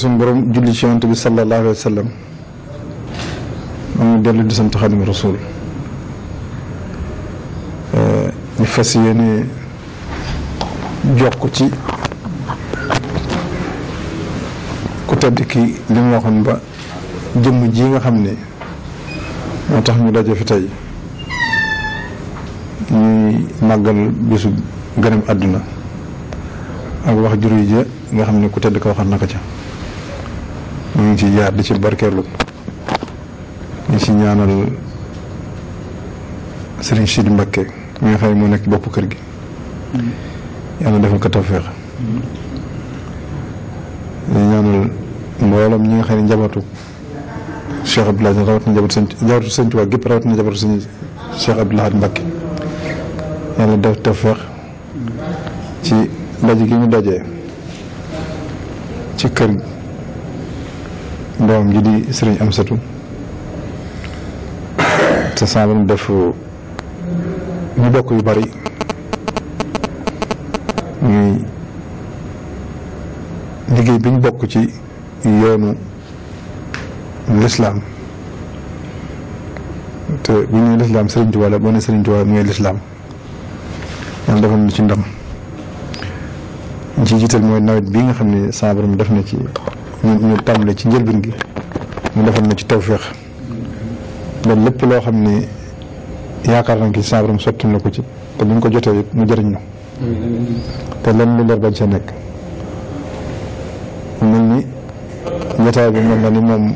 suñu borom julli ci yonent bi sallallahu alayhi wa sallam moom dellu di sant Xaadimu Rasuul ñu fas yéene jokk ci ku tedd ki li mu waxoon ba jëmm ji nga xam ne moo tax ñu daje fi tey ñuy màggal bisu gënam àdduna ak wax jur yi ja nga xam ne ku tedd ko waxal na ko ca ñu ngi ci jaar di ci barkeelu ñu ci ñaanal sëriñ Sidi Mbakke mi nga xam ne moo nekk bopp kër gi yàlla defal ko tawféex ñu ñaanal mboolam ñi ngi xam ne njabootu Cheikh Abdoul Ahad rawatina njabootu sëñ njabootu sëñ Tuubaa gépp rawatina njabootu sëñ Cheikh Abdoul Ahad Mbakke yàlla def tawféex ci daje gi ñu dajee ci kër doom ji di sëriñ Amsatu te sànq def ñu bokk yu bari ñuy liggéey bi ñu bokk ci yoonu lislaam te bu ñu lislaam sëriñ Tuubaa la boo ne sëriñ Tuubaa mooy lislaam yàlla defal na ci ndam ñu ci jiital mooy nawet bii nga xam ne sànq def na ci. ñu ñu tàmbale ci njëlbeen gi mu defal na ci tawféex ba lépp loo xam ni yaakaar nañ ko ci saabaram sotti na ko ci te bu ñu ko jotee it mu jëriñ ñu te lenn lu leer bañ sa nekk mel ni jotaay bi mel na ni moom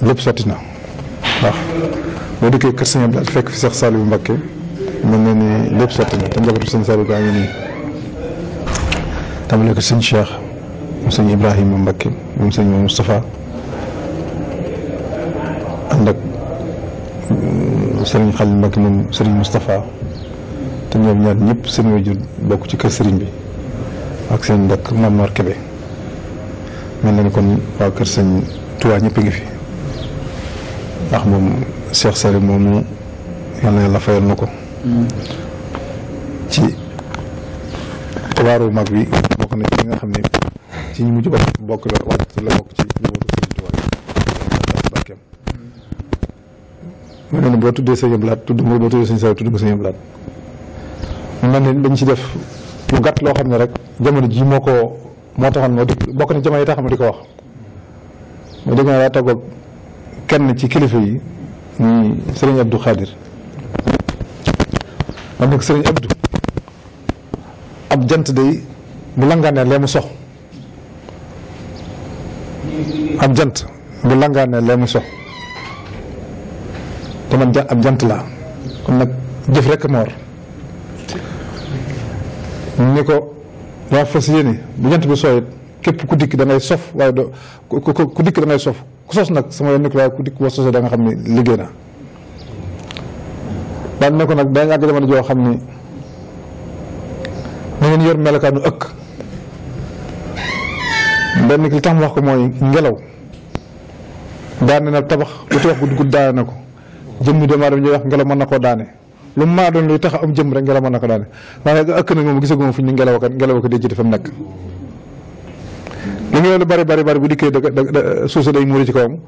lépp sotti na ndax boo dikkee kër Sëñ Abdou fekk fi Seex Saaliw Mbakke mel na ni lépp sotti na te njabootu Sëñ Saaliw gaa ngi nii tàmbale ko Sëñ Cheikh sëñ Ibrahima Mbakke moom sëñ Moustapha ànd ak mm, sëriñ Xalil Mbakke moom sëriñ Moustapha te ñoom ñaar ñëpp bokk ci kër bi ak seen ndakk Mame Mor mel na ni kon fi ndax moom Cheikh Sary moomu yal yàlla fayal na ko mm. ci xibaaru mag bi bokk na ci li nga xam ne ci ñi mujj bokk bokk la wàcc la bokk ci ñi wóoru sëñ tuwaay barkeem mu ne boo tuddee sëñ blaat tudd nga boo tuddee sëñ saw tudd nga sëñ blaat mu mel ne dañ ci def lu gàtt loo xam ne rek jamono ji moo ko moo taxoon moo di bokk na jamono yi tax ma di ko wax ma dégg naa daa togg kenn ci kilifa yi muy sëriñ Abdou Khadir man nag sëriñ Abdou ab jant day bu langaanee lee mu sox ab jant bu langaane lee mu sox kon ab jant laa kon nag jëf rekk moor ni ko daa fas yéene bu jant bi sooyit képp ku dikk da ngay sof waaye doo ku dikk da ngay sof ku sos nag sama yoon ni ko waaye ku dikk boo sosee da xam ni liggéey na daan ne ko nag daañu àgg jamono joo xam ni na ngeen yor melokaanu ëkk benn ki li tax mu wax ko mooy ngelaw daane na tabax lu tabax gudd gudd daane na ko jëmm doomu aadama ñuy wax ngelaw mën na koo daane lu maa doon luy jëm rek ngelaw mën na ko daane waaye ëkk na moom gisaguma fu ngelaw ko ngelaw ko lu bari bari bari bu dikkee da da suuf si day muuri ci kawam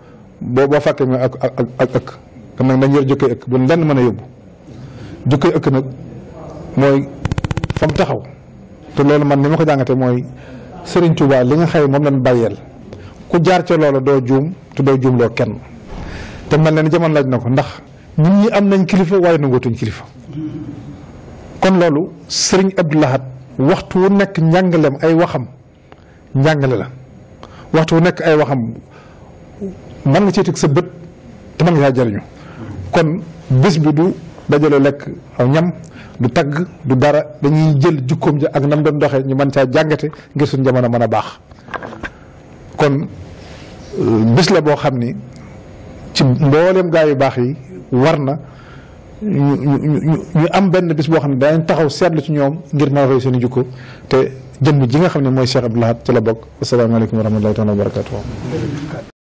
boo boo fàkkee ak ak ak ëkk kon nag dañ yor jokkee ëkk bu lenn mën a yóbbu jokkee ëkk nag mooy fam taxaw te loolu man ni ma ko jàngatee mooy. Serigne Touba li nga xëy moom lañ bàyyeel ku jaar ca loola doo juum te doo juumloo kenn te mel na ni jamono laaj na ko ndax nit ñi am nañ kilifa waaye nangootuñ kilifa. kon loolu Serigne Abdou Lahad waxtu wu nekk njàngaleem ay waxam njàngale la waxtu wu nekk ay waxam mën nga cee teg sa bët te mën nga caa jariñu kon bés bi du. dajalo lek aw ñam du tag du dara dañuy jël jukkom ja ak nam doon doxé ñu man ca jangaté ngir suñu jamono mëna bax kon euh, bis la bo xamni ci mboolem gaay yu bax yi warna na ñu am benn bis boo xam ne daañu taxaw seetlu ci ñoom ngir nawee seen jukko te jëmm ji nga xam ne mooy Cheikh Abdoul ci la bokk asalaamaaleykum wa rahmatullahi taala wa barakatuh